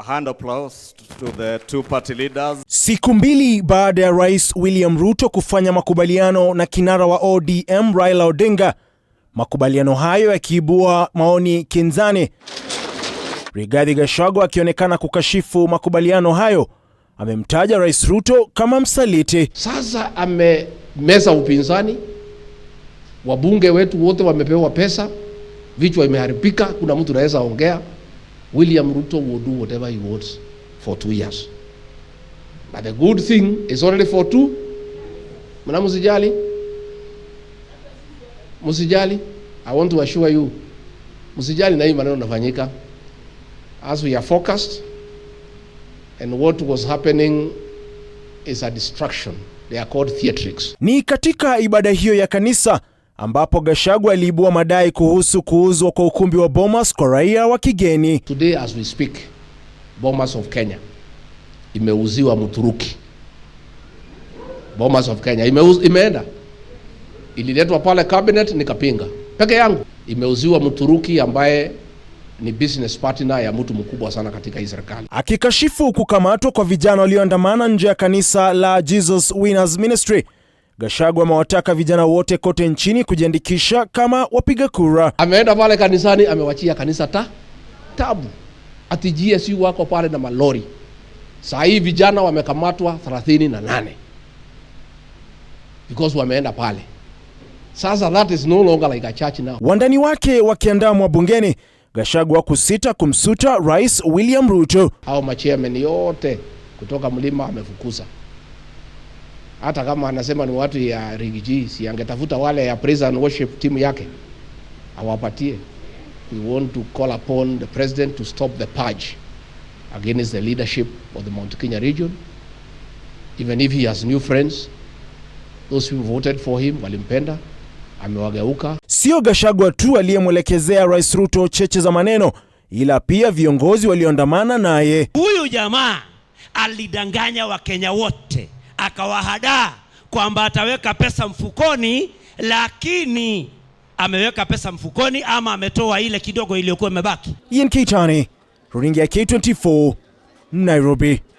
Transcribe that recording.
A hand applause to the two party leaders. Siku mbili baada ya Rais William Ruto kufanya makubaliano na kinara wa ODM Raila Odinga, makubaliano hayo yakiibua maoni kinzani. Rigathi Gachagua akionekana kukashifu makubaliano hayo, amemtaja Rais Ruto kama msaliti. Sasa amemeza upinzani, wabunge wetu wote wamepewa pesa, vichwa imeharibika, kuna mtu anaweza ongea William Ruto will do whatever he wants for two years. But the good thing is already for two. Mna musijali, musijali. I want to assure you, musijali na hii maneno nafanyika as we are focused and what was happening is a distraction. They are called theatrics. Ni katika ibada hiyo ya kanisa ambapo Gachagua aliibua madai kuhusu kuuzwa kwa ukumbi wa Bomas kwa raia wa kigeni. Today as we speak, Bomas of Kenya imeuziwa Mturuki. Bomas of Kenya imeuz, imeenda ililetwa pale cabinet nikapinga peke yangu. Imeuziwa Mturuki ambaye ni business partner ya mtu mkubwa sana katika hii serikali. Akikashifu kukamatwa kwa vijana walioandamana nje ya kanisa la Jesus Winners Ministry Gachagua amewataka vijana wote kote nchini kujiandikisha kama wapiga kura. Ameenda pale kanisani, amewachia kanisa ta tabu, ati GSU wako pale na malori. Saa hii vijana wamekamatwa 38 because wameenda pale. Sasa that is no longer like a church now. Wandani wake wakiandamwa bungeni, Gachagua kusita kumsuta Rais William Ruto. Hao machairman yote kutoka mlima amefukuza hata kama anasema ni watu ya rigiji, si angetafuta wale ya praise and worship timu yake awapatie. We want to call upon the president to stop the purge against the leadership of the Mount Kenya region even if he has new friends those who voted for him walimpenda amewageuka. Sio Gashagwa tu aliyemwelekezea Rais Ruto cheche za maneno, ila pia viongozi walioandamana naye. Huyu jamaa alidanganya Wakenya wote akawahadaa kwamba ataweka pesa mfukoni, lakini ameweka pesa mfukoni ama ametoa ile kidogo iliyokuwa imebaki. Ian Kitani, Runinga K24, Nairobi.